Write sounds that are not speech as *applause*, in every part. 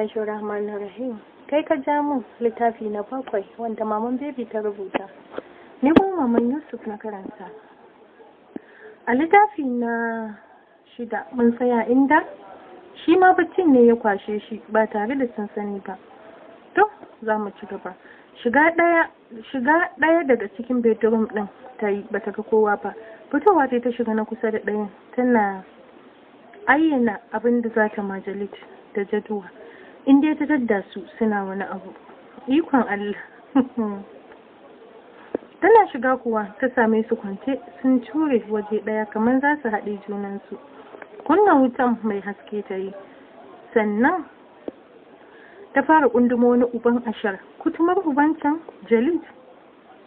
bismillahir rahmanir rahim kai ka ja mun littafi na bakwai wanda maman bebi ta rubuta ni kuma maman yusuf na karanta a littafi na shida mun saya inda shi ma baccin ne ya kwashe shi ba tare da sun sani ba to za mu ci gaba shiga ɗaya daga cikin bedroom ɗin ta yi ba ta ga kowa ba fitowa ta ta shiga na kusa da ɗayan tana ayyana abin da za ta majalit da jaduwa in dai ta su suna wani abu ikon Allah *laughs* tana shiga kuwa ta same su kwance sun cure waje ɗaya kamar za su haɗe junansu kunna wutan mai haske ta yi sannan ta fara ƙundumo wani uban ashar kutumar ubancan jalit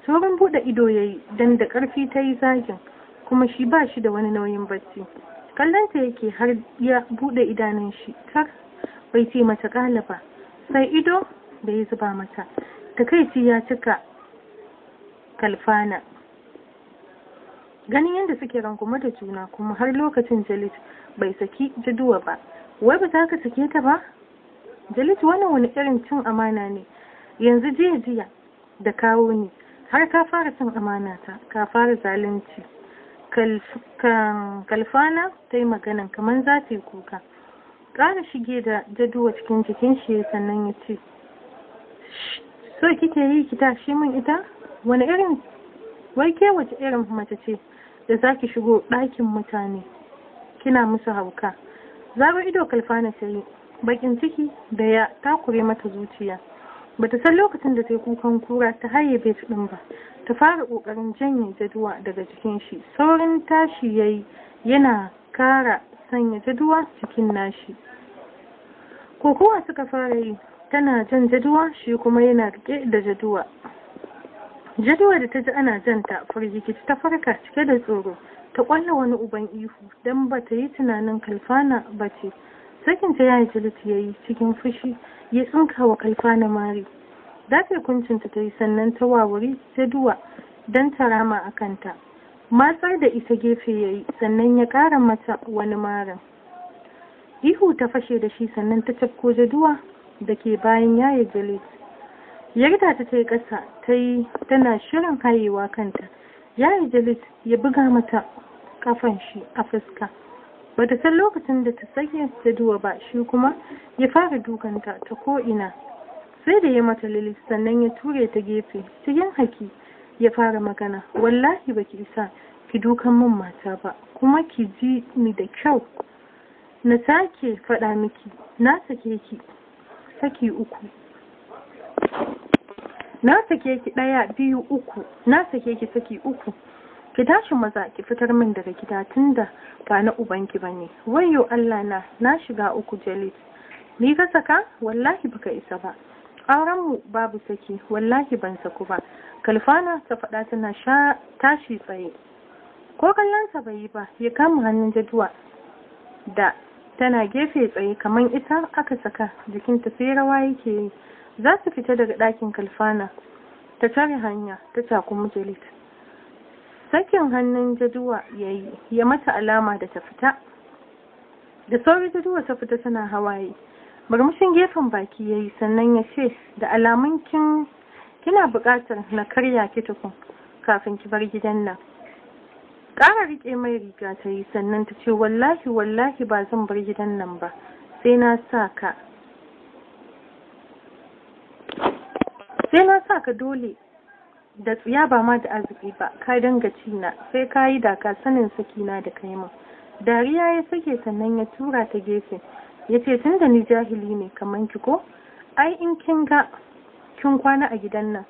saurin buɗe ido ya yi don da ƙarfi ta yi zagin kuma shi ba shi da wani nauyin bacci kallonta yake har ya buɗe idanun shi tar bai ce mata ƙala ba sai ido da ya zuba mata takaici ya cika kalfana ganin yadda suke rangume da juna kuma har lokacin jalit bai saki jaduwa ba wai ba za ka sake ta ba jalit wannan wani irin cin amana ne yanzu jiya jiya da kawo ni har ka fara cin amana ta ka fara zalunci kalfana ta yi maganan kamar za ta yi kuka ƙara shige da jaduwa cikin jikin shi sannan ya ce so kike yi ki tashi mun ita wani irin wai ke wace irin mace ce da ki shigo ɗakin mutane kina musu hauka zaɓar ido kalfana ta yi bakin ciki da ya takure mata zuciya bata san lokacin da ta yi kukan kura ta haye bet ɗin ba ta fara ƙoƙarin janye jaduwa daga jikin shi saurin tashi ya yana kara sanya jaduwa cikin nashi kokowa suka fara yi tana jan jaduwa shi kuma yana rike da jaduwa jaduwa da ta ji ana janta firgikici ta farka cike da tsoro ta kwalla wani uban ihu don ba ta yi tunanin kalfana ba ce sakinta ya yi jilit ya yi cikin fushi ya tsinka wa kalfana mari dafe kuncinta ta yi sannan ta wawuri jaduwa don ta rama a kanta matsar da isa gefe ya yi sannan ya ƙara mata wani marin ihu ta fashe da shi sannan ta cafko jaduwa da ke bayan yi jalit yarda ta ta yi ƙasa ta yi tana shirin hayewa kanta yi jalit ya buga mata kafan shi a fuska ba ta san lokacin da ta sanya jaduwa ba shi kuma ya fara dukanta ta ko'ina sai da ya mata lilis sannan ya ture ta gefe cikin haki ya fara magana wallahi ba ki isa ki dukan min mata ba kuma ki ji ni da kyau na sake faɗa miki na sake ki saki uku na sake ki ɗaya biyu uku na sake ki saki uku ki tashi maza ki fitar min daga gida tunda ba na ubanki ba ne wayo allah na na shiga uku jalit ni ka saka wallahi baka isa ba mu babu saki wallahi ban saku ba kalfana ta faɗa tana sha tashi tsaye ko kallonsa bai yi ba ya kama hannun jaduwa da tana gefe tsaye kamar ita aka saka jikinta sai rawa yake yi za su fita daga ɗakin kalfana ta tare hanya ta taku mujalit sakin hannun jaduwa ya yi ya mata alama da ta fita da sauri jaduwa ta fita tana hawaye murmushin gefen baki ya yi sannan ya ce da alamun kin kina buƙatar na karya ki tukun kafin ki bar gidan nan ƙara riƙe mai riga ta yi sannan ta ce wallahi wallahi ba zan bar gidan nan ba sai na sa ka sai na sa ka dole da tsiya ba ma da arziki ba ka danga na sai ka yi daka sanin sakina da kai dariya ya sake sannan ya tura ta gefe yace ce tun da ni jahili ne kamar ki ko ai in kin ga kin kwana a gidan nan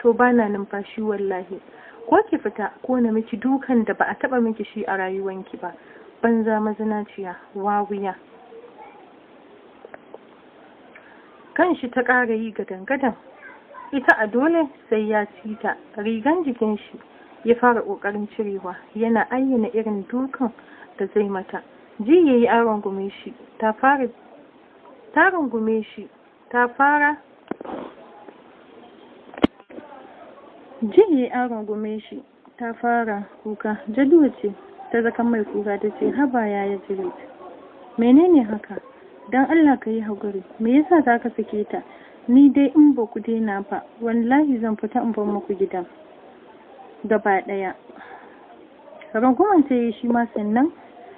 to ba na numfashi wallahi ko ki fita ko na miki dukan da ba a taba miki shi a rayuwanki ba banza mazinaciya wawiya kan shi ta ƙara yi gadan-gadan ita a dole sai ya ci rigan jikin shi ya fara ƙoƙarin cirewa yana ayyana irin dukan da zai mata ji ya yi aron shi ta fara ta rungume shi ta fara aron gume shi ta fara kuka jaduwa ce ta zaka mai kuka ta ce haba ya yi jirit menene haka don allah ka yi haƙuri me yasa za ka sake ta ni dai in ba ku daina ba wallahi zan fita in bar muku gida gaba ɗaya rungumar ta yi shi ma sannan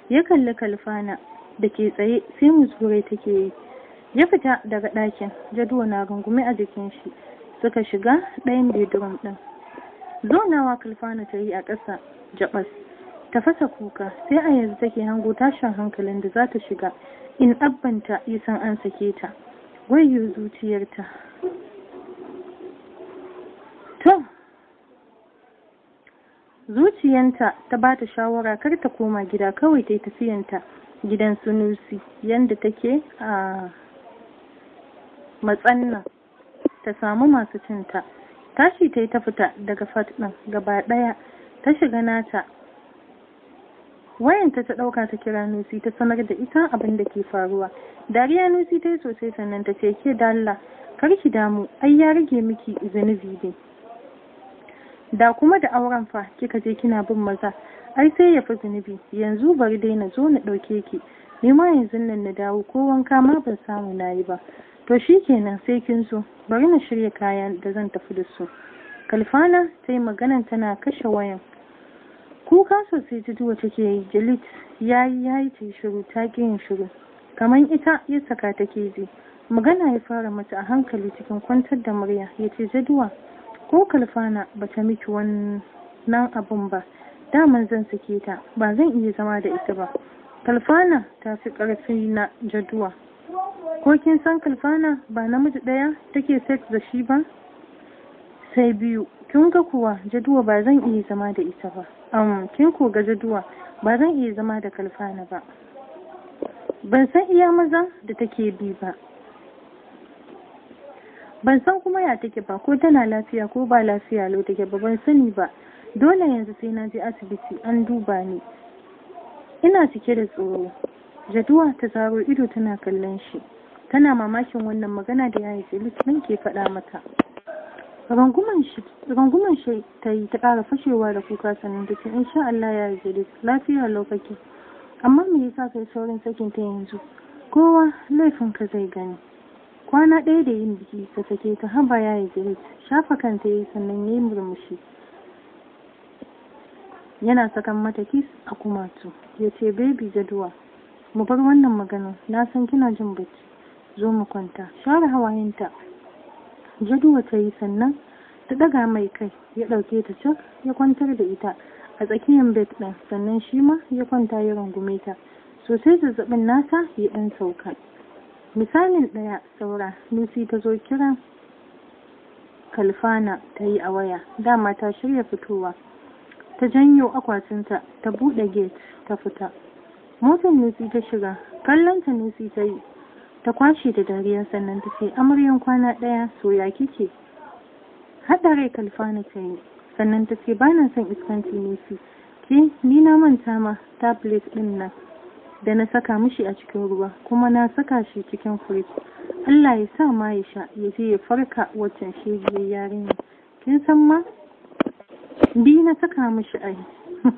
ya kalli kalfana da ke tsaye sai musgure take yi ya fita daga ɗakin jadu na rungume a jikin shi suka shiga ɗayan bedroom ɗin zonawa kalfana ta yi a ƙasa jabas ta fasa kuka sai a yanzu take hango tashin hankalin da za ta shiga in abbanta yi san an sake ta wayyo zuciyarta to zuciyanta ta ba ta shawara kar ta koma gida kawai ta yi tafiyanta gidan sunusi yadda take a matsanna ta samu masu cinta tashi ta yi ta fita daga fat ɗin gaba ɗaya ta shiga nata wayanta ta ɗauka ta kira nusi ta sanar da ita abin da ke faruwa dariya nusi ta yi sosai sannan ta ce ke dalla kar ki damu ai ya rage miki zunubi ne da kuma da auren fa kika je kina bin maza ai sai ya fi zunubi yanzu bari dai na zo na ɗauke ki ni ma yanzu nan na dawo ko wanka ma ban samu na yi ba to shi kenan sai kin zo bari na shirya kayan da zan tafi da su kalfana ta yi maganan tana kashe wayan kuka sosai ta duwa take yi jalit ya yi ya ta shiru ta ƙi yin shiru kamar ita ya saka take ji magana ya fara mata a hankali cikin kwantar da murya ya ce jaduwa ko kalfana ba ta miki wannan abun ba daman zan sake ta ba zan iya zama da ita ba kalfana ta fi ƙarfi na jaduwa ko kin san kalfana ba namiji ɗaya take set da shi ba sai biyu kin ga kuwa jaduwa ba zan iya zama da ita ba um, kin ko ga jaduwa ba zan iya zama da kalfana ba ban san iya maza da take bi ba ban san kuma ya take ba ko tana lafiya ko ba lafiya lau take ba ban sani ba dole yanzu sai na je asibiti an duba ni ina cike da tsoro jaduwa ta zaro ido tana kallon shi tana mamakin wannan magana da yayi jilis nan ke faɗa mata ranguman shi ta yi ta ƙara fashewa da kuka sanin da ke insha Allah ya yi jilis lafiya lokaci amma me yasa kai saurin sakin ta yanzu kowa laifin ka zai gani kwana ɗaya da yin biki ta sake ta haba ya yi gare shafa kanta ya yi sannan ya yi murmushi yana sakan mata kis a kumatu ya ce baby jaduwa mu bar wannan magana na san kina jin bacci zo mu kwanta share hawayenta jaduwa ta yi sannan ta ɗaga mai kai ya ɗauke ta cak ya kwantar da ita a tsakiyar bed ɗin sannan shi ma ya kwanta ya rungume ta sosai zazzabin nasa ya ɗan sauka misalin ɗaya saura lucy ta zo kiran kalfana ta yi a waya dama ta shirya fitowa ta janyo akwatinta ta buɗe gate ta fita motar lucy ta shiga kallonta lucy ta yi ta kwashe da dariya sannan ta ce amaryan kwana ɗaya soya kike haɗa rai kalfana ta yi sannan ta ce ba na son iskanci lucy ke ni na manta ma tablet ɗin nan da na saka mishi a cikin ruwa kuma na saka shi cikin firij Allah ya sa ma ya sha ya je ya farka waccan shegiyar yarinya kin san ma bi na saka mishi ai *laughs*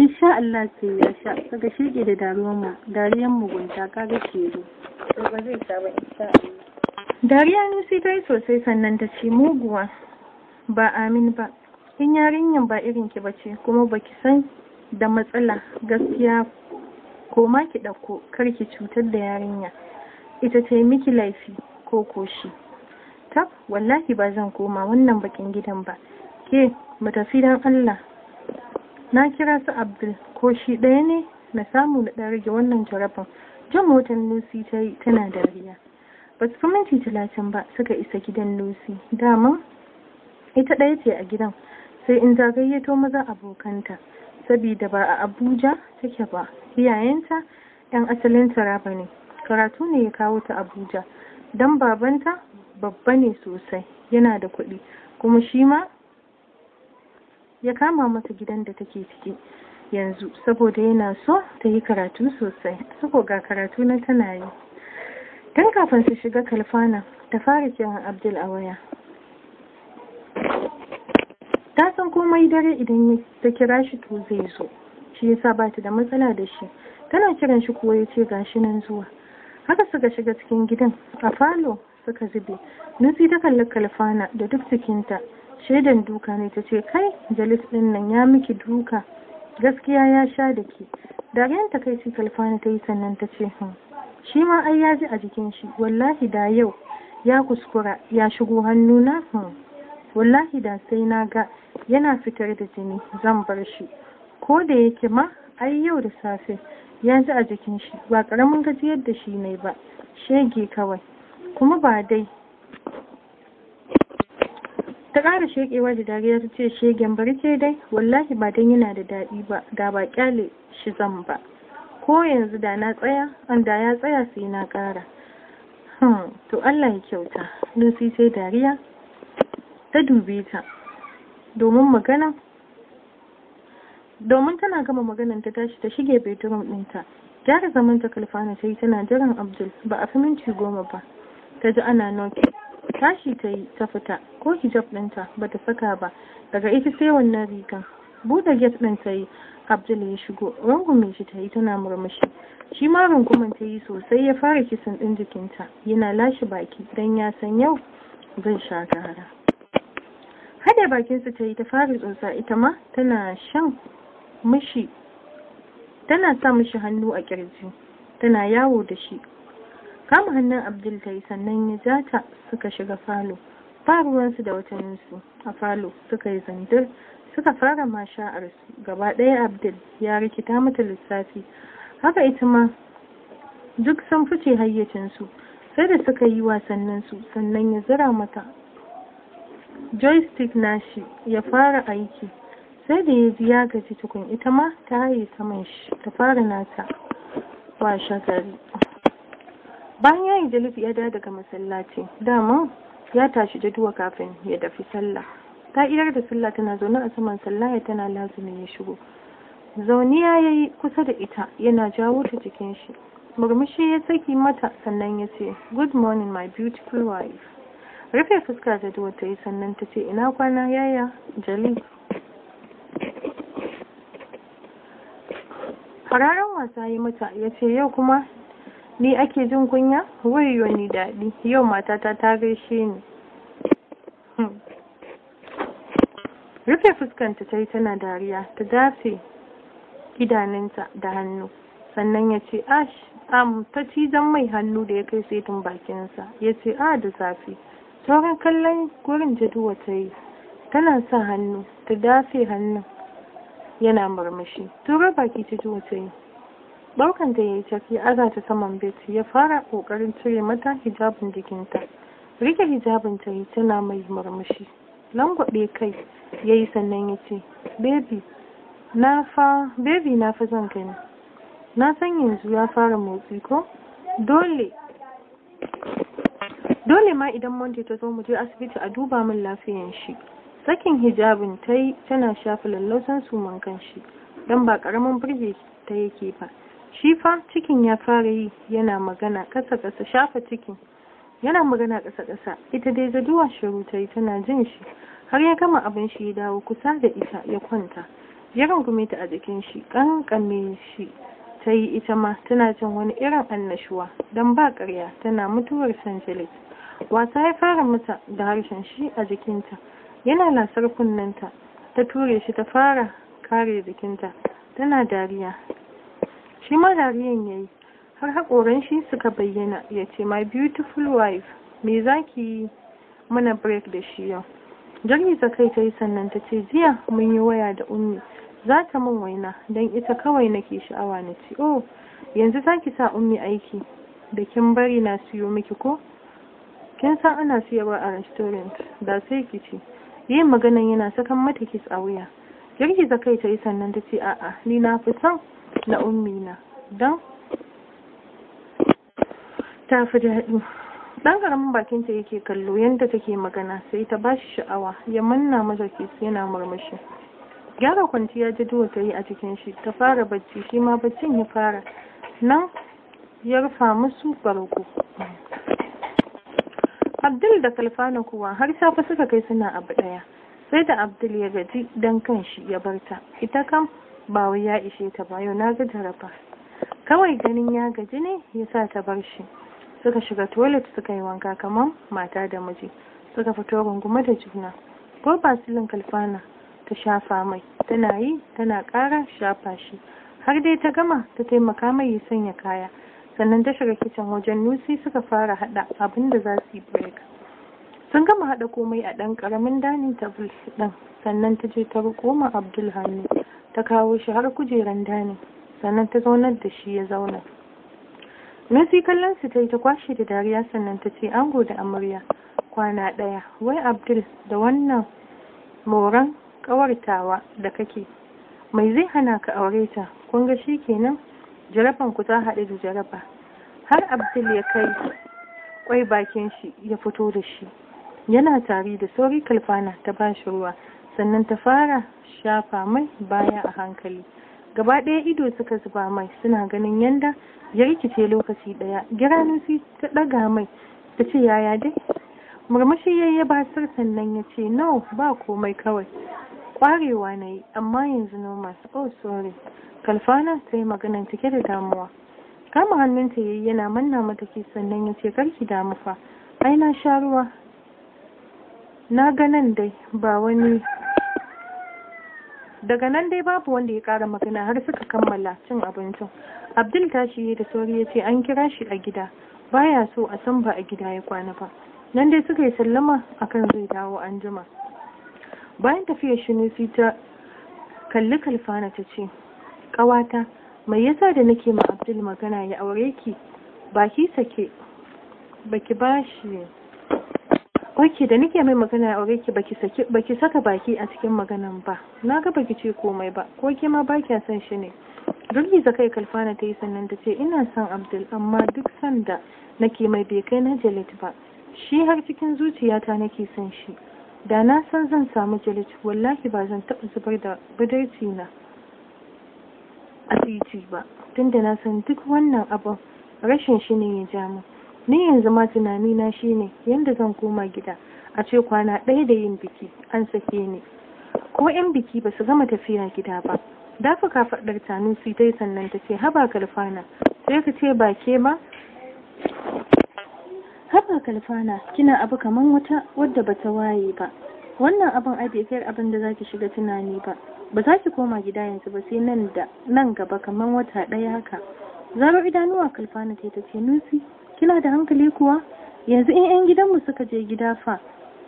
insha Allah sai ya sha daga shege da daruwan mu dariyan mugunta ga shi zo. ba zai sha ba insha Allah dariya ne sai dai yi sosai sannan ta ce muguwa ba amin ba in yarinyan ba irin ki bace kuma baki san da matsala gaskiya koma ki ɗauko kar ki cutar da yarinya ita ta miki laifi ko koshi tab wallahi ba zan koma wannan bakin gidan ba ke mu tafi don allah na kira su abdul Koshi ɗaya ne na samu na ɗan rage wannan jaraban jan motar lucy ta yi tana dariya ba su fi minti talatin ba suka isa gidan lucy dama ita ɗaya ce a gidan sai in ta gayyato maza abokanta sabida ba a abuja take ba iyayenta yan asalin taraba ne karatu ne ya kawo ta abuja don babanta babba ne sosai yana da kuɗi kuma shi ma ya kama mata gidan da take ciki yanzu saboda yana so ta yi karatu sosai suko ga karatu na tana yi tun kafin su shiga kalfana ta fara kiran abdul a waya ta san komai dare idan ta kira shi to zai zo shi yasa ba ta da matsala da shi tana kiran shi kuwa ya ce gashi nan zuwa haka suka shiga cikin gidan a falo suka zube nutsi ta kalli kalfana da duk cikinta shaidan duka ne ta ce kai jalis din nan ya miki duka gaskiya ya sha da ke dariyan ta kai ci kalfana ta yi sannan ta ce hun hmm, shi ma ai ya ji a jikin shi wallahi da yau ya kuskura ya shigo na hun hmm. wallahi da sai na ga yana fitar da jini zan bar shi ko da yake ma ai yau da safe ya ji a jikin shi ba karamin gajiyar da shi ne ba shege kawai kuma ba dai ta ƙara shekewa da dariya ta ce shegen barke dai wallahi ba dan yana da daɗi ba da ba kyale shi zan ba ko yanzu da na tsaya an da ya tsaya sai na ƙara hmm, to Allah ya kyauta Lucy sai dariya ta dube ta domin magana domin tana gama maganan ta tashi ta shige bedroom ɗinta gyara zaman ta kalfana ta yi tana jiran abdul ba a fi goma ba ta ji ana noki tashi ta yi ta fita ko hijab ɗinta ba ta saka ba daga ita sai wannan rigan buɗe get ɗin ta yi abdul ya shigo rungume shi ta yi tana murmushi shi ma runguman ta yi sosai ya fara kisan ɗin jikinta yana lashe baki don ya san yau zan sha gara hada bakinsa ta yi ta fara tsunsa ita ma tana shan mishi tana sa mashi hannu a kirji tana yawo da shi kama hannun abdul tayi sannan ya jata ta suka shiga falo faruwansu da watanninsu a falo suka yi zandar suka fara masha'arsu gaba ɗaya abdul ya rikita mata lissafi haka ita ma duk sun fice hayyacinsu sai da suka yi wasanninsu sannan ya zira mata joystick nashi ya fara aiki sai da ya ji ya gaji tukun ita ma ta haye saman shi ta fara nata washe shagari bayan ya yi jalif ya da daga masallaci dama ya tashi jaduwa kafin ya dafi sallah ta idar da sallah tana zaune a saman sallah ya tana lazumin ya shigo zauniya ya yi kusa da ita yana jawo ta jikin shi murmushi ya saki mata sannan ya ce good morning my beautiful wife rufe fuska ta duwa ta yi sannan ta ce ina kwana yaya Jali. fararen wasa yi mata ya ce yau kuma ni ake jin kunya wayo ni daɗi yau matata ta gaishe ni hmm. rufe fuskanta ta yi tana dariya ta dafe idanunta da hannu sannan ya ce ash ta cizon mai hannu da ya kai setin bakinsa ya ce a ah, da safi sauran kallon gurin jaduwa ta yi tana sa hannu ta dafe hannu yana murmushi tura baki ta ji ta yi ɗaukan ta ya yi tafi aza ta saman bet ya fara ƙoƙarin cire mata hijabin jikinta rike hijabin ta yi tana mai murmushi langwaɗe kai ya yi sannan ya ce bebi na fa bebi na fa zan gani na san yanzu ya fara motsi ko dole dole ma idan monday ta zo mu je asibiti a duba min lafiyan shi sakin hijabin ta yi tana shafa lallausan suman kan shi don ba karamin birge ta yake ba shi fa cikin ya fara yi yana magana kasa kasa shafa cikin yana magana kasa kasa ita dai zaduwa shiru ta yi tana jin shi har ya gama abin shi ya dawo kusa da ita ya kwanta ya rungume ta a jikin shi kankame shi ta yi ita ma tana jin wani irin annashuwa don ba ƙarya tana mutuwar sanjilis wasa ya fara mata da harshen shi a jikinta yana lasar kunnen ta ture shi ta fara kare jikinta tana dariya shi ma dariyan ya yi har haƙoran shi suka bayyana ya ce my beautiful wife me za ki yi mana break da shi yau Jirgin ta kai ta yi sannan ta ce jiya mun yi waya da unni. za ta min waina don ita kawai nake sha'awa na ci oh yanzu za ki sa ummi aiki da kin bari na siyo miki ko kin san ana siyarwa a restaurant da sai ki ci yin maganan yana sakan mata kis a wuya za kai ta yi sannan ta ce a'a ni na fi son na ummi na don ta fi daɗi dan ƙaramin bakin ta yake kallo yadda take magana sai ta ba shi sha'awa ya manna masa kis yana murmushi gyara kwanciya duwa ta yi a cikin shi ta fara bacci shi ma baccin ya fara nan ya rufa musu barko abdul da kalfana kuwa har safe suka kai suna abu daya sai da abdul ya gaji dan shi ya barta ita kam ba wai ya ishe ta ba yau na ga jaraba. kawai ganin ya gaji ne ya sa ta bar shi suka shiga toilet suka yi wanka kamar mata da miji suka fito rungume da juna ko basilin kalfana ta shafa mai tana yi tana ƙara shafa shi har dai ta gama ta taimaka mai ya sanya kaya sannan ta shiga kicin wajen nusi suka fara haɗa abin da za su yi break sun gama haɗa komai a ɗan ƙaramin dining table ɗin sannan ta je ta riƙo ma abdul hannu ta kawo shi har kujeran dining sannan ta zaunar da shi ya zauna nusi kallon su ta yi ta kwashe da dariya sannan ta ce ango da amarya kwana ɗaya wai abdul da wannan moran ƙawartawa da kake mai zai hana ka aure ta kun ga shi kenan jaraban ku ta haɗe da jaraba har abdul ya kai kwai bakin shi ya fito da shi yana tari da sauri kalfana ta ba shi ruwa sannan ta fara shafa mai baya a hankali gaba ɗaya ido suka zuba mai suna ganin yanda ya rikice lokaci ɗaya giranusi ta ɗaga mai ta ce yaya dai murmushi ya sannan ya ce no ba komai kawai kwarewa na yi amma yanzu na su oh sorry kalfana ta yi maganan cike da damuwa kama hannunta ya yi yana manna mataki, sannan ya ce karki damu fa ai na sha ruwa na ga nan dai ba wani daga nan dai babu wanda ya kara magana har suka kammala cin abincin abdul tashi ya da sauri ya ce an kira shi a gida baya so a san ba a gida ya kwana ba nan dai suka yi sallama akan zai dawo an jima bayan tafiyar sai ta kalli kalfana ta ce ƙawata mai yasa da nake ma abdul magana ya aure ki ki sake baki bashi oke da nake mai magana ya aure ki baki saka baki a cikin maganan ba na ga baki ce komai ba ko ke ma ba kya son shi ne dulli zakai kalfana ta yi sannan ta ce ina son abdul amma duk sanda nake mai bai kai na jalit ba shi har cikin zuciyata nake son shi da na san zan samu jalici wallahi ba zan taɓa zubar da budurci na a titi ba tunda na san duk wannan abin rashin shi ne ya ja ni yanzu ma tunani na ne yadda zan koma gida a ce kwana ɗaya da yin biki an sake ni ko yan biki ba su gama tafiya gida ba dafa kafaɗar tanusi dai sannan ta ce haba kalfana sai ka ce ba ke ba haba kalfana kina abu kaman wata wadda bata waye ba wannan abin ai bai kai abin da zaki shiga tunani ba ba za ki koma gida yanzu ba sai nan da nan gaba kaman wata ɗaya haka zaro idanuwa kalfana ta tace nusi kina da hankali kuwa yanzu in yan gidanmu suka je gida fa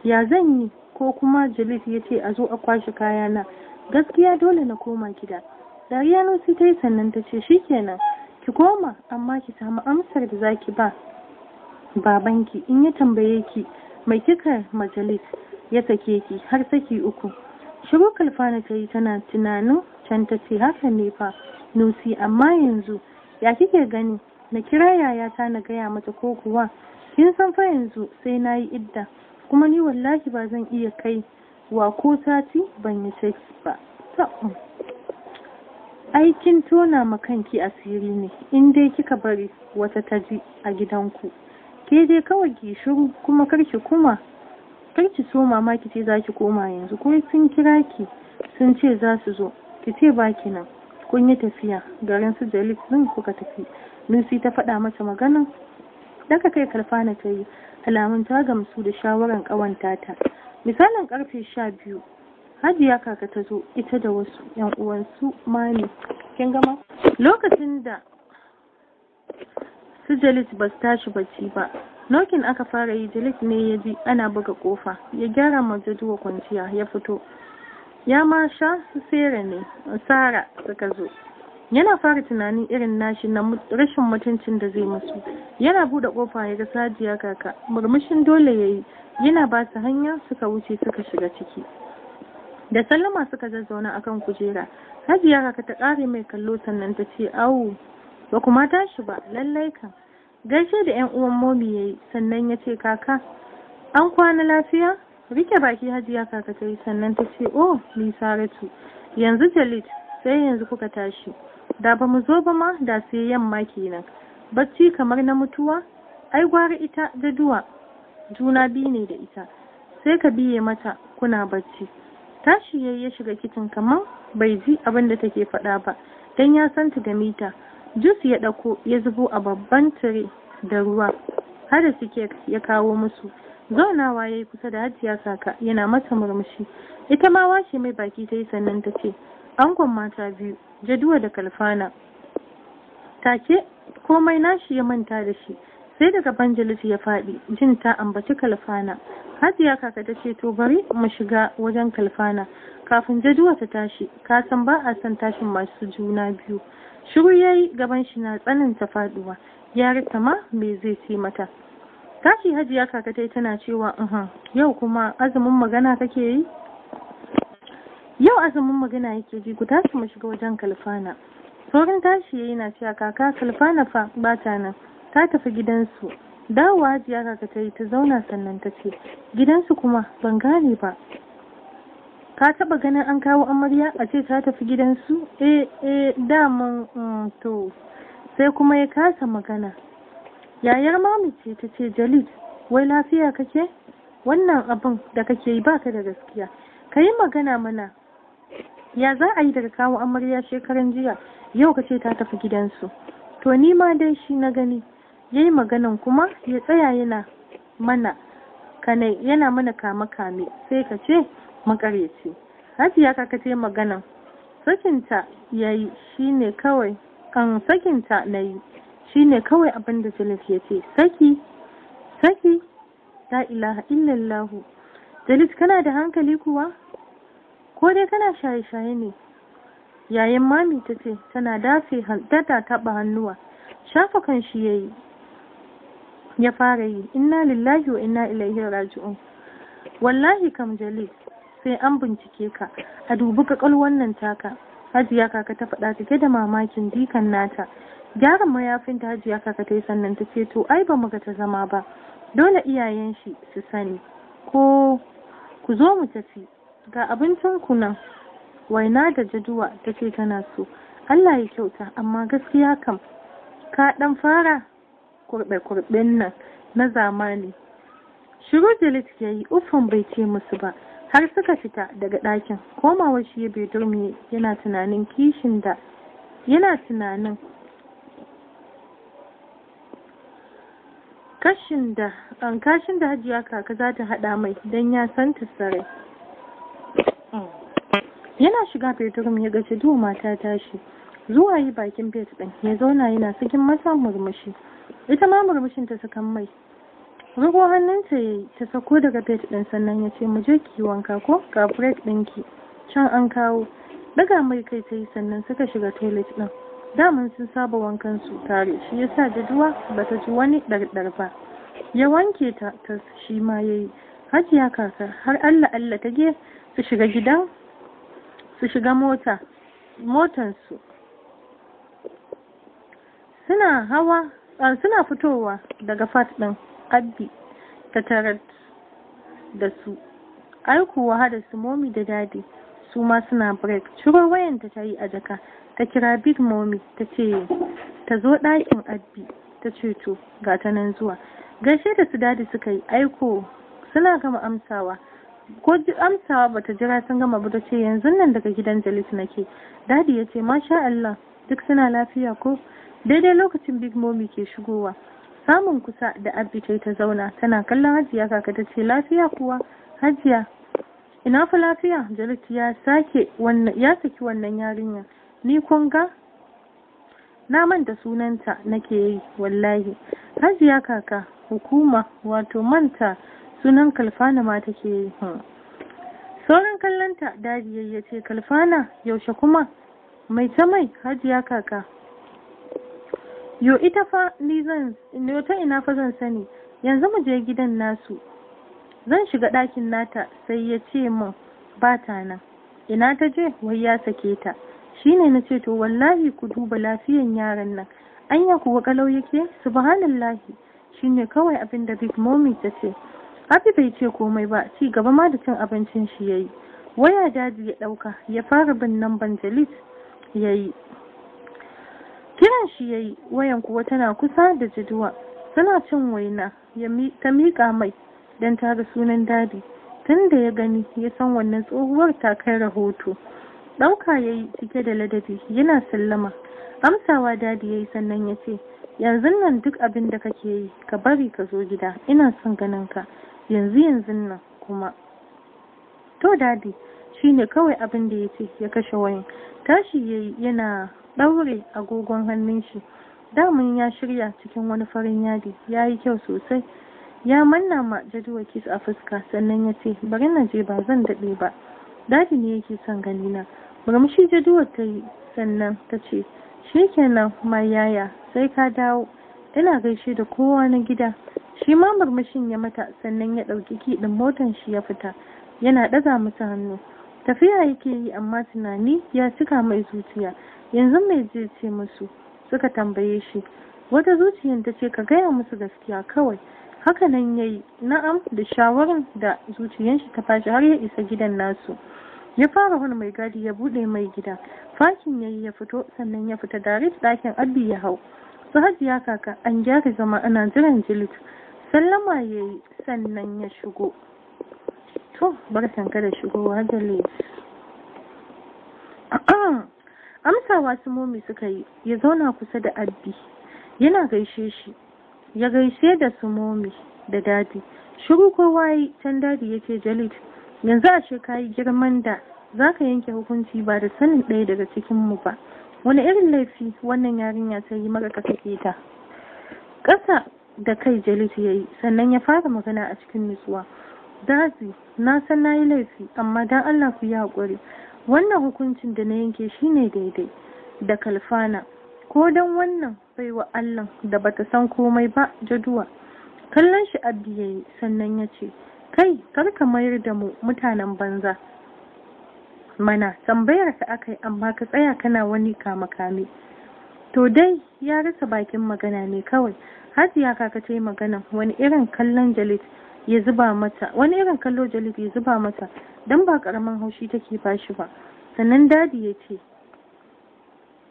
ya zan yi ko kuma jalil ya ce a zo a kwashe kayana gaskiya dole na koma gida dariya nusi ta yi sannan ta ce kenan. ki koma amma ki samu amsar da zaki ba babanki in ya tambaye ki mai kika majalis ya sake ki har saki uku shiru kalfana ta yi tana tunanin can ta ce haka ne fa nusi amma yanzu ya kike gani na kira yayata na gaya mata ko kuwa kin san fa yanzu sai na yi idda kuma ni wallahi ba zan iya kai wa ko sati ban yi sai ba um. aikin tona makanki asiri ne in dai kika bari wata ta ji a gidanku ke dai kawai ki shiru kuma karki kuma karki so mama ki ce za ki koma yanzu kuma sun kira ki sun ce za su zo ki ce ba ki nan kun yi tafiya garin su jalif sun kuka tafi nusi ta faɗa mata maganan daga kai kalfana ta yi alamun ta gamsu da shawaran ƙawanta ta misalin karfe sha biyu hajiya kaka ta zo ita da wasu yan uwansu mani kin gama lokacin da su jalis ba su tashi bacci ba nokin aka fara yi jalis ne ya ji ana buga kofa ya gyara ma jaduwa kwanciya ya fito ya ma sha su sera ne sara suka zo yana fara tunanin irin nashi na rashin mutuncin da zai musu yana bude kofa ya ga sajiya kaka murmushin dole ya yi yana ba su hanya suka wuce suka shiga ciki da sallama suka zazzauna akan kujera hajiya kaka ta kare mai kallo sannan ta ce awu ba kuma tashi ba lallai ka gaishe da yan uwan momi yayi sannan ya ce kaka an kwana lafiya rike baki hajiya kaka ta yi sannan ta ce oh Saratu. yanzu jalit sai yanzu kuka tashi da ba mu zo ba ma da sai yamma kenan bacci kamar na mutuwa ai gwara ita da duwa. juna biyu ne da ita sai ka biye mata kuna bacci tashi yayi ya shiga kicin kamar bai ji abin da take faɗa ba dan ya san ta da mita jus ya ɗauko ya zubo a babban tire da ruwa har su suke ya kawo musu zaunawa ya yi kusa da hajiya kaka yana mata murmushi ita ma washe mai baki ta yi sannan ta ce angon mata biyu jaduwa da kalfana take komai nashi ya manta da shi sai daga banjalis ya faɗi jin ta ambaci kalfana hajiya kaka ta ce to bari mu shiga wajen kalfana kafin jaduwa ta tashi ka san ba a son tashin masu juna biyu shiru ya yi gaban shi na tsananta faduwa ya rasa ma me zai ce mata tashi hajiya kakatai tana cewa uhun yau kuma azumin magana kake yi yau azumin magana yake ji ku tashi mu shiga wajen kalfana saurin tashi ya yi na cewa kaka kalfana fa ba ta nan ta tafi gidansu dawowa hajiya kakatai ta zauna sannan ta ce gidansu kuma ban gane ba ka taba ganin an kawo amarya a ce ta tafi gidansu eh eh daman mm, to sai kuma ya kasa magana yayar mami ce ta ce jalil wai lafiya kake wannan abin da kake yi baka da gaskiya ka yi magana mana ya za a yi daga kawo amarya shekaran jiya yau ka ce ta tafi gidansu to ni ma dai shi na gani ya yi maganan kuma ya tsaya yana mana yana mana kame kame sai ka ce makaryaci Hajiya ka ta magana sakinta ya yi shi ne kawai kan sakinta na yi shi ne kawai abin da Jalif ya ce saki saki la ilaha illallah Jalif kana da hankali kuwa ko dai kana shaye-shaye ne yayin mami ta ce tana dafe ta taɓa hannuwa shafa kan shi ya ya fara yi inna lillahi wa inna ilaihi raji'un wallahi kam Jalif sai an bincike ka a dubi kakalwan wannan taka hajiya kaka ta faɗa take da mamakin jikan nata gyaran mayafin ta hajiya kaka ta yi sannan ta ce to ai ba mu ga ta zama ba dole iyayen shi su sani ko ku zo mu tafi ga abincin ku nan waina da jaduwa ta ce tana so Allah ya kyauta amma gaskiya kam ka ɗan fara kurɓe-kurɓen nan na zamani shiru jalit ya yi ufan bai ce musu ba har suka fita daga ɗakin komawar shi ya bedroom yana tunanin kishin da yana tunanin kashin da kashin da hajiya kaka za ta haɗa mai don ya san sarai yana shiga bedroom ya gaci duwa mata tashi zuwa yi bakin bet ɗin ya zauna yana cikin mata murmushi ita ma murmushin ta sakan mai Rugo hannunta yi ta sako daga bed ɗin sannan ya ce mu je ki wanka ko ga break ɗinki can an kawo. Daga mai kai ta yi sannan suka shiga toilet ɗin. Daman sun saba wankan su tare shi ya sa jaduwa ba ta ji wani ɗarɗar ba. Ya wanke ta ta shi ma ya yi. Hajiya kasar har Allah Allah ta ge su shiga gidan su shiga mota motansu. Suna hawa suna fitowa daga fat ɗin abbi ta tarar da su ai kuwa hada su momi da dadi su ma suna break ciro wayan ta tayi a jaka ta kira big momi ta ce ta zo ɗakin abbi ta ce to ga ta nan zuwa gaishe da su dadi suka yi aiko suna gama amsawa ko amsawa bata jira sun gama ba ta ce yanzu nan daga gidan jalis nake dadi ya ce masha Allah duk suna lafiya ko daidai lokacin big momi ke shigowa samun kusa da abbi ta zauna tana kallon hajiya kaka ta ce lafiya kuwa hajiya ina fa lafiya jalut ya sake wannan ya saki wannan yarinya ni kun ga na manta sunanta nake yi wallahi hajiya kaka hukuma wato manta sunan kalfana ma take yi hmm. sauran kallonta dadi ya ce kalfana yaushe kuma mai ta mai hajiya kaka yo ita fa ni zan yo ta ina fa zan sani yanzu mu je gidan nasu zan shiga ɗakin nata sai ya ce min ba ta nan ina ta je wai ya sake ta shine na ce to wallahi ku duba lafiyan yaran nan anya kuwa kalau yake subhanallahi shine kawai abin da big mommy ta ce hafi bai ce komai ba ci gaba ma da cin abincin shi yayi waya daji ya dauka ya fara bin nan jalis yayi kiran shi yayi wayan kuwa tana kusa da jiduwa tana cin waina ta miƙa mai don ta ga sunan dadi tun da ya gani ya san wannan tsohuwar ta kai rahoto ɗauka ya yi cike da ladabi yana sallama amsawa dadi ya yi sannan ya ce yanzu nan duk abin da kake yi ka bari ka zo gida ina son ganin ka yanzu yanzu nan kuma to dadi shine kawai abin da ya ce ya kashe wayan tashi yana ɗaure agogon hannun shi damun ya shirya cikin wani farin yadi ya yi kyau sosai ya manna ma jaduwa kis a fuska sannan ya ce bari na je ba zan daɗe ba dadi ne yake son gani na. murmushi jaduwa ta yi sannan ta ce shikenan ma yaya sai ka dawo ina gaishe da kowa na gida shi ma murmushin ya mata sannan ya ɗauki kiɗin motan shi ya fita yana ɗaga masa hannu tafiya yake yi amma tunani ya cika mai zuciya yanzu mai zai ce musu suka tambaye shi wata zuciyar ta ce ka gaya musu gaskiya kawai haka nan ya yi na'am da shawarar da zuciyar shi ta fashi har ya isa gidan nasu ya fara wani mai gadi ya bude mai gida fakin ya yi ya fito sannan ya fita dare ɗakin abbi ya hau su hajiya kaka an gyara zama ana jiran jilit sallama ya yi sannan ya shigo to bar tanka da shigo hajjale *clears throat* amsawa su momi suka yi ya zauna kusa da abbi yana gaishe shi ya gaishe da su momi da dadi shiru kowa yi can dadi yake jalit yanzu a shekayi girman da za ka yanke hukunci ba da sanin ɗaya daga cikin mu ba wani irin laifi wannan yarinya ta yi mara kasa ta ƙasa da kai jalit ya yi sannan ya fara magana a cikin nutsuwa dazi na san na yi laifi amma don allah ku yi haƙuri wannan hukuncin da na yanke shi ne daidai da kalfana ko don wannan bai wa allah da bata san komai ba jaduwa kallon shi abdi yi, sannan ya ce kai kar ka mayar da mu mutanen banza mana tambayar ka aka yi amma ka tsaya kana wani kame to dai ya rasa bakin magana ne kawai ya kaka ta yi magana wani irin kallon jalit ya zuba mata wani irin kallo jalit ya zuba mata don ba karamin haushi take bashi ba sannan dadi ya ce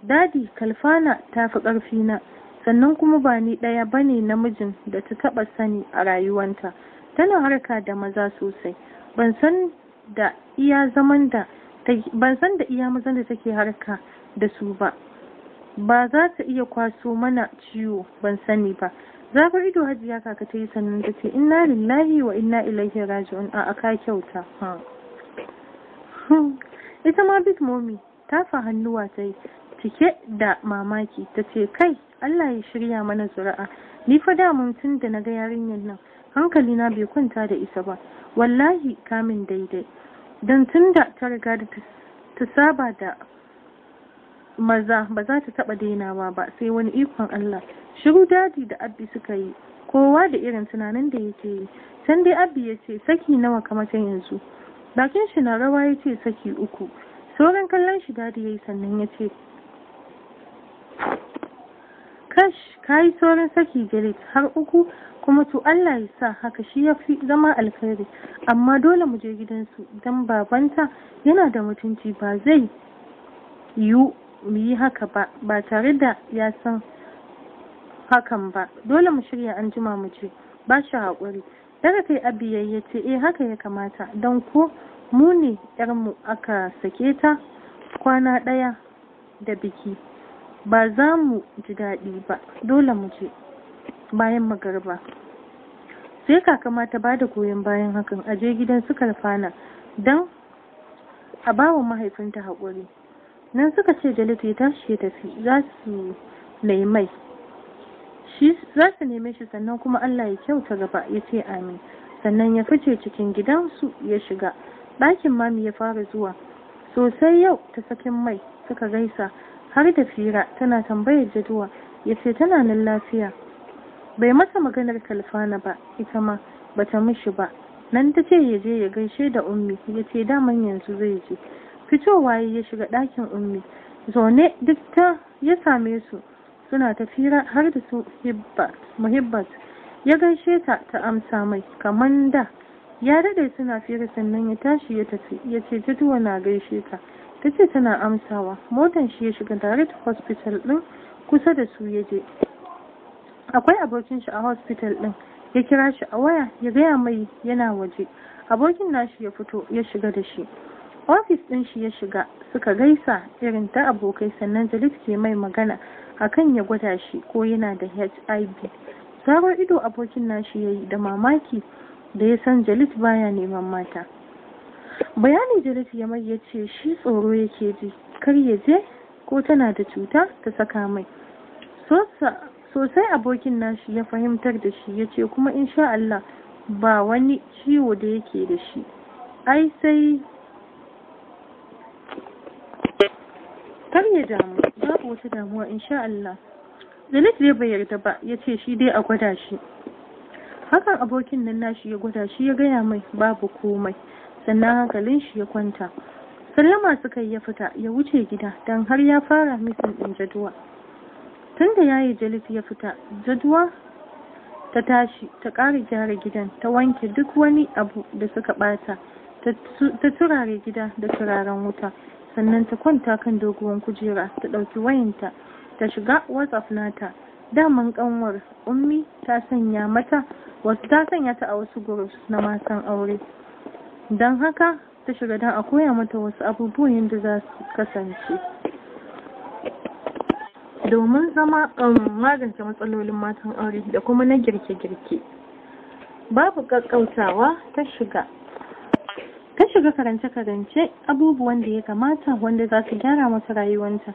dadi kalfana ta fi na, sannan kuma ba ni ɗaya bane namijin da ta taɓa sani a rayuwanta tana harka da maza sosai ban san da iya zaman da ban san da iya mazan da take harka da su ba ba za ta iya kwaso mana ciwo ban sani ba zafar ido hajiya kaka ta yi sannan ta ce inna lillahi wa inna ilaihi raji'un a aka kyauta *laughs* ita ma big mommy ta fa hannuwa ta cike da mamaki ta ce kai Allah ya shirya mana zuri'a ni fa da mun tun da naga yarinyar nan hankali na bai kwanta da isa ba wallahi kamin daidai don tun da ta riga da ta saba da maza ba za ta taba dainawa ba sai wani ikon Allah shiru dadi da abbi suka yi kowa da irin tunanin da yake yi san dai abbi ya ce saki nawa kamata yanzu bakin shi na rawa ya ce saki uku sauran kallon shi dadi ya yi sannan ya ce kash ka yi sauran saki gare har uku kuma to Allah ya sa haka shi ya fi zama alkhairi amma dole mu je gidansu don babanta yana da mutunci ba zai yiwu mu yi haka ba ba tare da ya san hakan ba dole mu shirya an jima mu ce ba shi haƙuri daga kai abiya ya ce eh haka ya kamata don ko mu ne yarmu aka sake ta kwana ɗaya da biki ba za mu ji daɗi ba dole mu je bayan magarba sai ka kamata ta bada goyon bayan hakan a je gidan su karfana, don a bawa mahaifinta haƙuri nan suka ce jalita ya tashi ya tafi za su mai shi za su neme shi sannan kuma Allah ya kyauta gaba ya ce amin sannan ya fice cikin gidansu ya shiga ɗakin mami ya fara zuwa sosai yau ta sakin mai suka gaisa har da fira tana tambayar jaduwa ya ce tana nan lafiya bai masa maganar kalfana ba ita ma ba ta mishi ba nan ta ce ya je ya gaishe da ummi ya ce daman yanzu zai je fitowa ya shiga ɗakin ummi zaune duk ta ya same su suna ta tafira har da su muhibbat ya gaishe ta ta amsa mai kamar da ya daɗe suna fira sannan ya tashi ya tafi ya ce jituwa na gaishe ta ta ce tana amsawa motan shi ya shiga direct hospital ɗin kusa da su ya je akwai abokin shi a hospital ɗin ya kira shi a waya ya gaya mai yana waje abokin nashi ya fito ya shiga da shi ofis ɗin shi ya shiga suka gaisa irin ta abokai sannan jalit ke mai magana akan ya gwada shi ko yana da hiv zarar ido abokin nashi ya da mamaki da ya san jalit baya neman mata Bayani jalit ya mai ya shi tsoro yake ji kar ya je ko tana da cuta ta saka mai sosai abokin nashi ya fahimtar da shi yace ce kuma insha Allah ba wani ciwo da yake da shi ai sai kar ya damu babu wata damuwa insha Allah Zanet dai bai yarda ba ya ce shi dai a gwada shi hakan abokin nan nashi ya gwada shi ya gaya mai babu komai sannan hankalin shi ya kwanta sallama suka yi ya fita ya wuce gida don har ya fara misin ɗin jaduwa tun da ya yi jalif ya fita jaduwa ta tashi ta ƙara gyara gidan ta wanke duk wani abu da suka ɓata ta turare gida da turaren wuta sannan ta kwanta kan doguwar kujera ta ɗauki wayanta ta shiga whatsapp nata daman ƙanwar ummi ta sanya mata wasu ta sanya ta a wasu groups na matan aure don haka ta shiga don a koya mata wasu abubuwan da za su kasance domin zama um, magance matsalolin matan aure da kuma na girke-girke babu ƙaƙƙautawa ta shiga ta shiga karance-karance abubuwan da ya kamata wanda za su gyara mata rayuwanta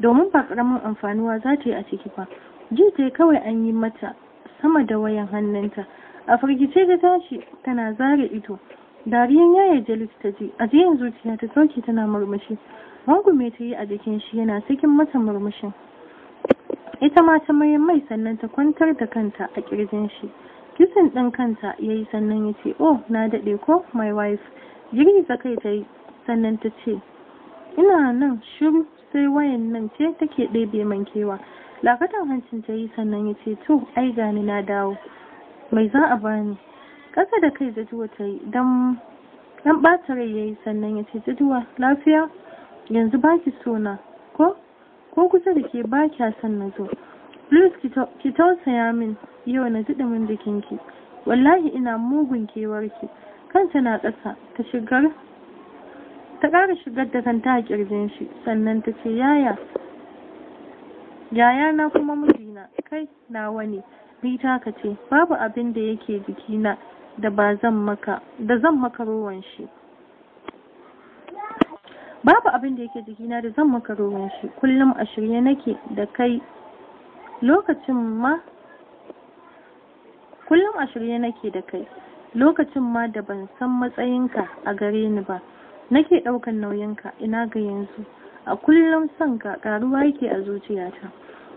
domin ba karamin amfanuwa za ta yi a ciki ba ji ta kawai an yi mata sama da wayan hannunta a firgice da tashi tana zare ito. dariyan yaya jalis ta ji a jiyan zuciya ta sauke tana murmushi mai ta yi a jikin shi yana cikin mata murmushin ita ma ta mai mai sannan ta kwantar da kanta a kirjin shi kisan ɗin kanta ya yi sannan ya ce oh na daɗe ko my wife girgiza kai ta yi sannan ta ce ina nan shiru sai wayan nan ce take ɗebe man kewa lakatan hancin ta yi sannan ya ce to ai gani na dawo mai za a bani ƙasa da kai zajuwa ta yi don ɓata rai ya yi sannan ya ce zajuwa lafiya yanzu baki sona ko ko kusa da ke ba kya son na zo please ki tausaya min yau na ji dumin jikinki wallahi ina mugun kewarki kanta na ƙasa ta shigar ta ƙara shigar da kanta a ƙirjin shi sannan ta ce yaya yaya na kuma mijina kai na wani rita ka ce babu abin da yake jikina da ba zan maka da zan maka rowan shi babu abin da yake jikina da zan maka rowan shi kullum a shirye nake da kai lokacin ma kullum a shirye nake da kai lokacin ma da ban san matsayinka a gare ni ba nake ɗaukan nauyinka ina ga yanzu a kullum son ka ƙaruwa yake a zuciyata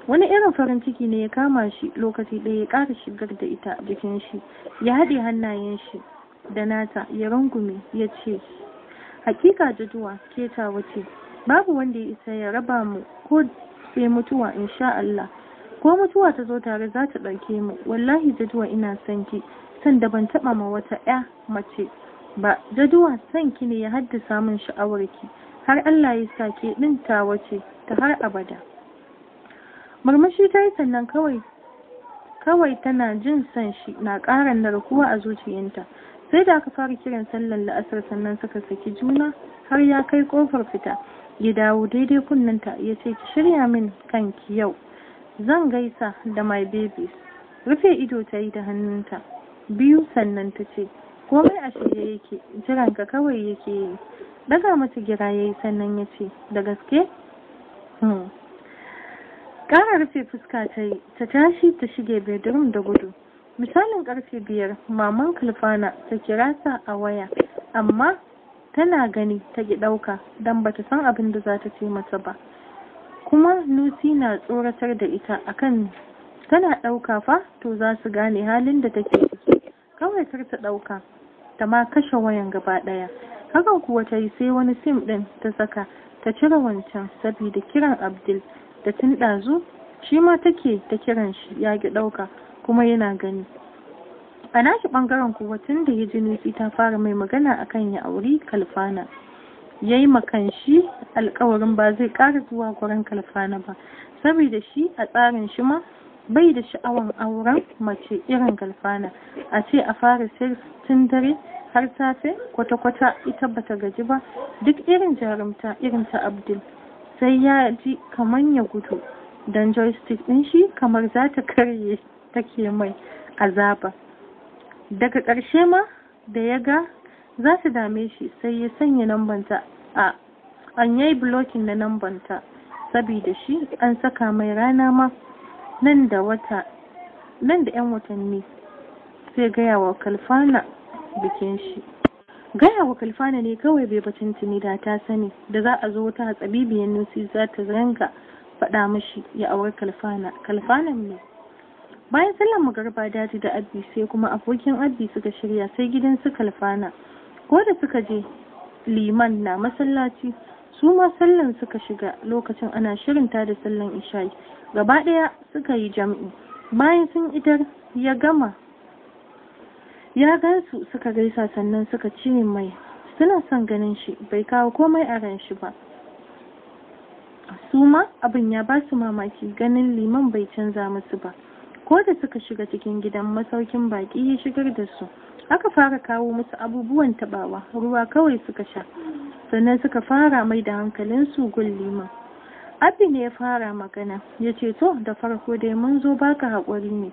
wani irin farin ciki ne ya kama shi lokaci ɗaya ya ƙara shigar da ita jikin shi ya haɗe hannayen shi da nata ya rungume ya ce hakika jaduwa ke ta wuce babu wanda ya isa ya raba mu ko sai mutuwa insha Allah ko mutuwa ta zo tare za ta ɗauke mu wallahi jaduwa ina son ki san da ban taɓa ma wata ƴa mace ba jaduwa son ki ne ya haddasa min sha'awar ki har Allah ya sa ke ɗin ta wace ta har abada murmushi ta yi sannan kawai kawai tana jin son shi na ƙara narkuwa a zuciyarta sai da aka fara kiran sallar la'asar sannan suka saki juna har ya kai ƙofar fita ya dawo daidai kunnenta ya ce ki shirya min kanki yau zan gaisa da my babies rufe ido ta yi da hannunta biyu sannan ta ce komai a shirye yake jiranka kawai yake yi daga mata gira ya yi sannan ya ce da gaske hmm. kara rufe fuska ta yi ta tashi ta shige bedroom da gudu misalin karfe biyar maman kalfana ta kira sa a waya amma tana gani ta ki ɗauka don bata san abin da za ta ce mata ba kuma lucy na tsoratar da ita akan tana ɗauka fa to za su gane halin da take ciki kawai kar ta ɗauka ta ma kashe wayan gaba ɗaya haka kuwa ta yi sai wani sim ɗin ta saka ta cire wancan saboda kiran abdul da tun ɗazu shi ma take ta kiran shi ya ki ɗauka kuma yana gani a nashi ɓangaren kuwa tun da ya ji ta fara mai magana akan ya auri kalfana ya yi makanshi alkawarin ba zai ƙara zuwa gurin kalfana ba saboda shi a tsarin shi ma bai da sha'awan auren mace irin kalfana a ce a fara sai tun dare har safe kwata-kwata ita bata gaji ba duk irin jarumta irin ta abdul sai ya ji kamar ya gudu don joystick ɗin shi kamar za ta karye take mai azaba daga ƙarshe ma da ya ga za su dame shi sai ya sanya lambanta a an yayi blocking na lambanta saboda shi an saka mai rana ma nan da wata nan da yan watanni sai gaya wa kalfana bikin shi gaya wa kalfana ne kawai bai bacin tuni da ta sani da za a zo wata tsabibiyan nusi za ta zanga faɗa mashi ya aure kalfana kalfanan ne bayan sallar magarba daji da abbi sai kuma abokin abbi suka shirya sai gidan su kalfana ko da suka je liman na masallaci su ma sallan suka shiga lokacin ana shirin da sallan isha'i gaba ɗaya suka yi jam'i bayan sun idar ya gama ya gansu suka gaisa sannan suka cire mai suna son ganin shi bai kawo komai a ran shi ba su ma abin ya ba su mamaki ganin liman bai canza musu ba ko da suka shiga cikin gidan masaukin baki ya shigar da su aka fara kawo musu abubuwan tabawa ruwa kawai suka sha sannan suka fara mai da su gun liman abi ne ya fara magana ya ce to da farko dai mun zo baka haƙuri ne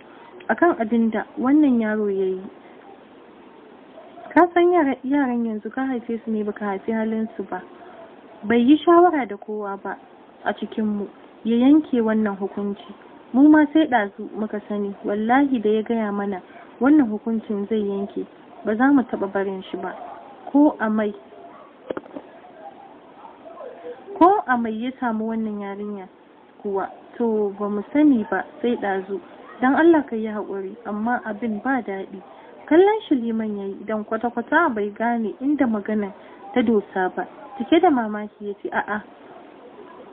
akan abin da wannan yaro ya yi ka san yaran yanzu ka haife su ne baka haifi su ba bai yi shawara da kowa ba a cikinmu ya yanke wannan hukunci mu ma sai ɗazu muka sani wallahi da ya gaya mana wannan hukuncin zai yanke ba za mu taɓa barin shi ba ko a mai ko a ya samu wannan yarinya kuwa to ba mu sani ba sai ɗazu don allah ka yi haƙuri amma abin ba daɗi kallon shi liman ya yi don kwata-kwata bai gane inda magana ta dosa ba cike da mamaki ya ce a'a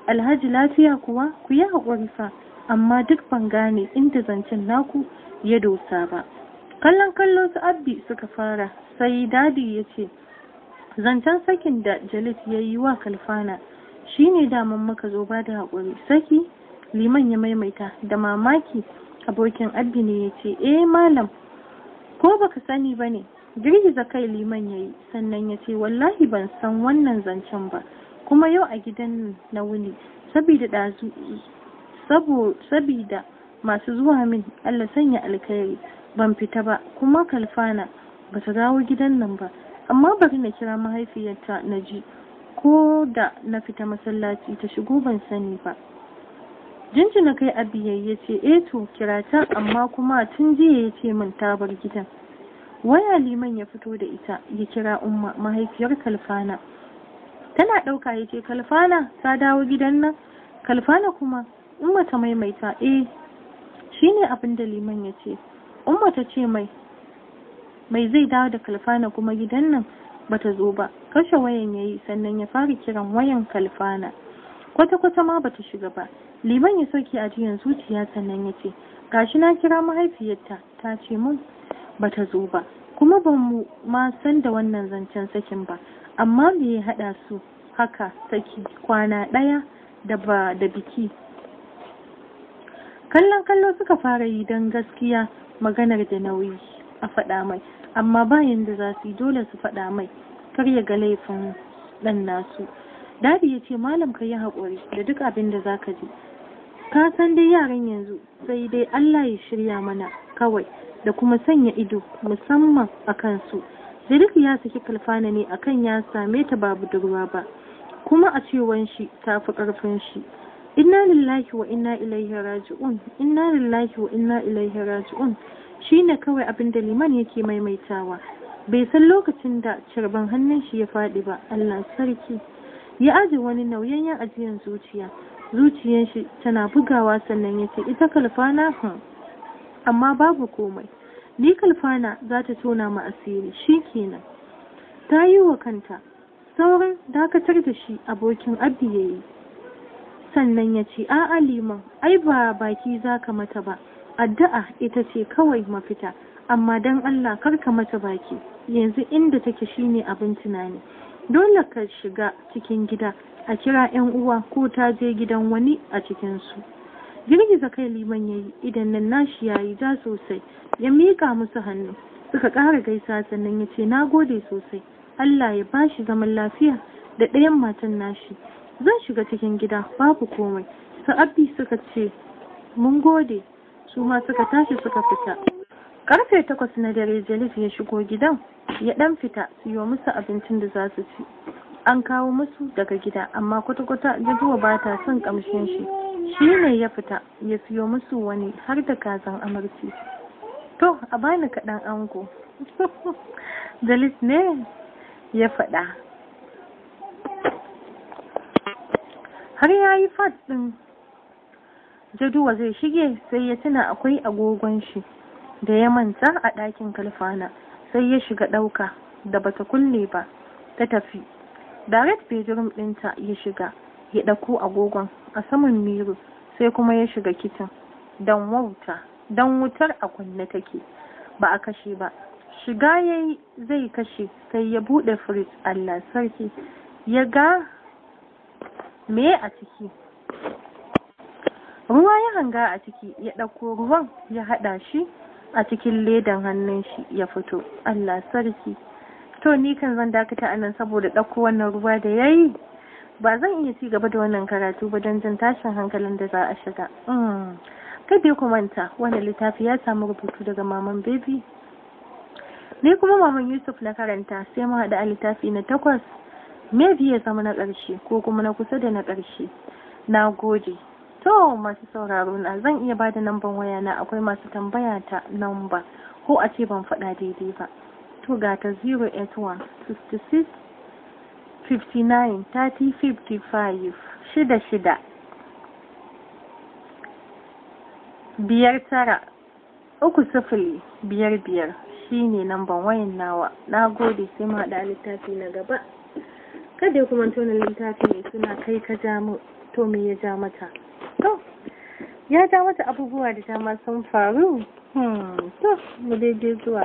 alhaji lafiya kuwa ku yi haƙuri fa amma duk ban gane inda zancen naku ya dosa ba kallon kallo su abdi suka fara sai dadi ya ce zancen sakin da jalit ya yi wa kalfana shine daman maka zo ba da haƙuri saki liman ya maimaita da mamaki abokin abdi ne ya ce eh malam ko baka sani ba ne girgiza kai liman ya yi sannan ya ce wallahi ban san wannan zancen ba kuma yau a gidan na wuni sabida sabida masu zuwa min allah sanya alkhairi ban fita ba kuma kalfana ba ta dawo gidan nan ba amma bari na kira mahaifiyarta na ji ko da na fita masallaci ta shigo ban sani ba jinjina kai abiyayya ce eh to kira ta amma kuma tun jiya ya ce min ta bar gidan waya liman ya fito da ita ya kira umma mahaifiyar kalfana tana ɗauka ya ce kalfana ta dawo gidan nan kalfana kuma umma ta maimaita eh shine abin da liman ya ce umma ta ce mai mai zai dawo da kalfana kuma gidan nan bata zo ba kashe wayan yayi sannan ya fara kiran wayan kalfana kwata-kwata ma bata shiga ba liman ya sauke ajiyan zuciya sannan ya ce gashi na kira mahaifiyarta ta ce mun bata zo ba kuma ba mu ma san da wannan zancen sakin ba amma me ya haɗa su haka saki kwana ɗaya da ba da biki kallon kallo suka fara yi don gaskiya maganar da nauyi a faɗa mai amma bayan da za su yi dole su faɗa mai karya ga laifin ɗan nasu dadi ya ce malam ka yi haƙuri da duk abin da za ka ji ka san dai yaran yanzu sai dai allah ya shirya mana kawai da kuma sanya ido musamman a kansu Zirik ya saki kalfana ne akan ya same ta babu durwa ba kuma a cewan shi ta fi ƙarfin shi inna lillahi wa inna ilaihi raji'un inna lillahi wa inna ilaihi raji'un shine kawai abin da liman yake maimaitawa bai san lokacin da cirban hannun shi ya faɗi ba Allah sarki ya aje wani nauyin ajiyan zuciya zuciyar shi tana bugawa sannan ya ita kalfana hun amma babu komai ni kalfana za ta tona mu asiri shi kenan ta yi wa kanta sauran dakatar da shi abokin abdi ya yi sannan ya ce a'a liman ai ba baki za ka mata ba addu'a ita ce kawai mafita amma don Allah kar ka mata baki yanzu inda take shine abin tunani dole ka shiga cikin gida a kira 'yan uwa ko ta je gidan wani a cikinsu girgiza kai liman ya yi idan nan nashi ya yi ja sosai ya miƙa musu hannu suka ƙara gaisa sannan ya ce na gode sosai Allah ya bashi zaman lafiya da ɗayan matan nashi zan shiga cikin gida babu komai sa'abbi suka ce mun gode su ma suka tashi suka fita karfe takwas na dare jalif ya shigo gidan ya dan fita siyo musu abincin da za su ci an kawo musu daga gida amma kwata-kwata jajuwa ba ta son kamshin shi shi ne ya fita ya siyo musu wani har da kazan amarci to a bani kaɗan ango *laughs* jalif ne ya faɗa har ya yi fat ɗin jaduwa zai shige sai ya tuna akwai agogon shi da ya manta a ɗakin kalfana sai ya shiga ɗauka da bata kulle ba ta tafi direct bedroom ɗinta ya shiga ya ɗauko agogon a saman miru, sai kuma ya shiga kitin don wauta don wutar a kunne take ba a kashe ba shiga ya zai kashe sai ya buɗe firij allah sarki ya ga me a ciki ruwa ya hanga a ciki ya ɗauko ruwan ya haɗa shi a cikin ledan hannun shi ya fito Allah sarki to ni kan zan dakata a nan saboda ɗauko wannan ruwa da ya yi ba zan iya ci gaba da wannan karatu ba don jin tashin hankalin da za a shiga mm. kada ku manta wannan littafi ya samu rubutu daga maman baby ni kuma maman yusuf na karanta sai mu haɗa a littafi na takwas maybe ya zama na ƙarshe ko kuma na kusa da na ƙarshe na gode to masu sauraro na zan iya ba da namban waya na akwai masu tambaya ta namba ko a ce ban faɗa daidai ba to ga ta 081 66 59 30 55 shida shida biyar tara uku sifili biyar biyar shine namban wayan nawa na gode sai ma haɗa littafi na gaba kada ya kuma tona littafi mai suna kai ka ja mu to me ya ja mata to ya ja mata abubuwa da dama sun faru hmm to mu daidai zuwa